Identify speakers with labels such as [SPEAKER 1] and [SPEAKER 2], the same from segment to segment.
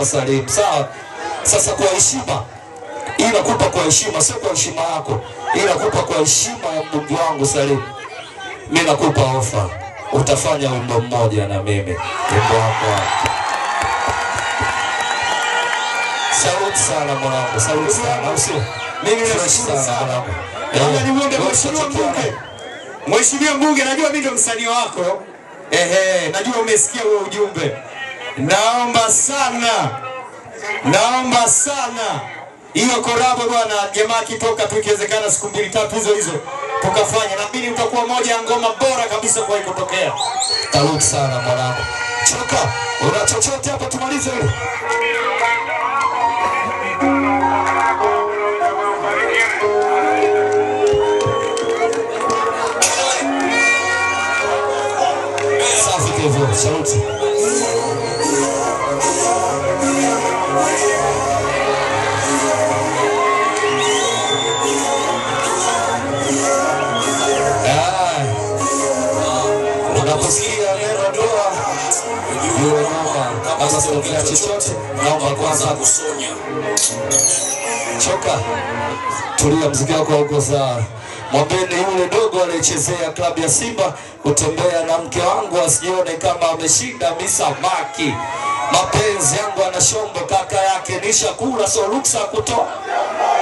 [SPEAKER 1] wasallim. Sawa. Sasa kwa heshima ila kupa kwa heshima, sio kwa heshima yako, ila kupa kwa heshima ya mbunge wangu Salim. Mimi nakupa ofa, utafanya
[SPEAKER 2] wimbo mmoja na mimi, wimbo wako. Sauti sana mwanangu, sauti sana, au sio? Mimi nashukuru sana eh, mheshimiwa mbunge, najua mimi ndio msanii wako. Ehe, najua umesikia huo ujumbe. Naomba
[SPEAKER 1] sana, naomba sana hiyo korabo bwana, jamaa kitoka tu, ikiwezekana siku mbili tatu hizo hizo tukafanya, na pili utakuwa moja ya ngoma bora kabisa kwa ikotokea. Taruki sana mwanangu, choka una chochote hapa, tumalize hilo. Safi, sauti ukisikia neno ndoa ujue mama, kama siongea chochote, naomba kwanza kusonya. Choka, tulia, mziki wako uko sawa. Mwambeni yule dogo aliyechezea klabu ya Simba kutembea na mke wangu asijione kama ameshinda misabaki. Mapenzi yangu anashombo kaka yake nishakula, so ruksa kutoa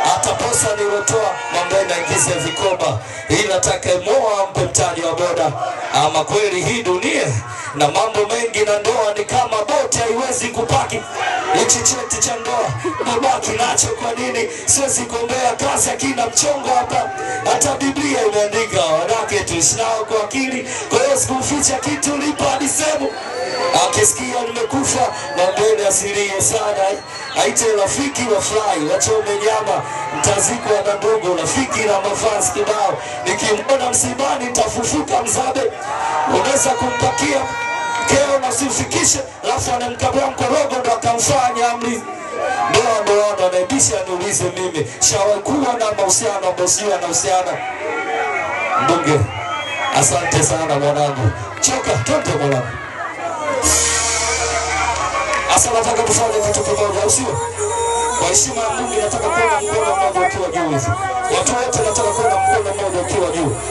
[SPEAKER 1] hata posa nilotoa. Mwambeni aingize vikoba, ila atakayemoa ampe mtaji wa boda ama kweli hii dunia na mambo mengi na ndoa ni kama boti, haiwezi kupaki chochote cha ndoa Baba, tunacho kwa nini? Siwezi kuombea kazi akina mchongo hapa, hata Biblia imeandika wanawake tuishi kwa akili. Kwa hiyo sikuficha kitu lipo hadi sehemu akisikia nimekufa na mbele asilie sana, aite rafiki wa wafurahi, wachome nyama, mtazikwa na ndugu, rafiki na mafans kibao. Nikimwona msibani nitafufuka mzabe, unaweza kumpakia kero na simfikishe, alafu anamkabia mkorogo ndo akamfanya amri ndoa ndoano, naibisha niulize mimi, shawahi kuwa na mahusiano ambao sio anahusiana? Mbunge, asante sana mwanangu, choka twende mwanangu. Asa nataka tufanye kitu kimoja, au Kwa heshima ya Mungu nataka kuona mkono mmoja ukiwa juu hivi. Watu wote nataka kuona mkono mmoja ukiwa juu.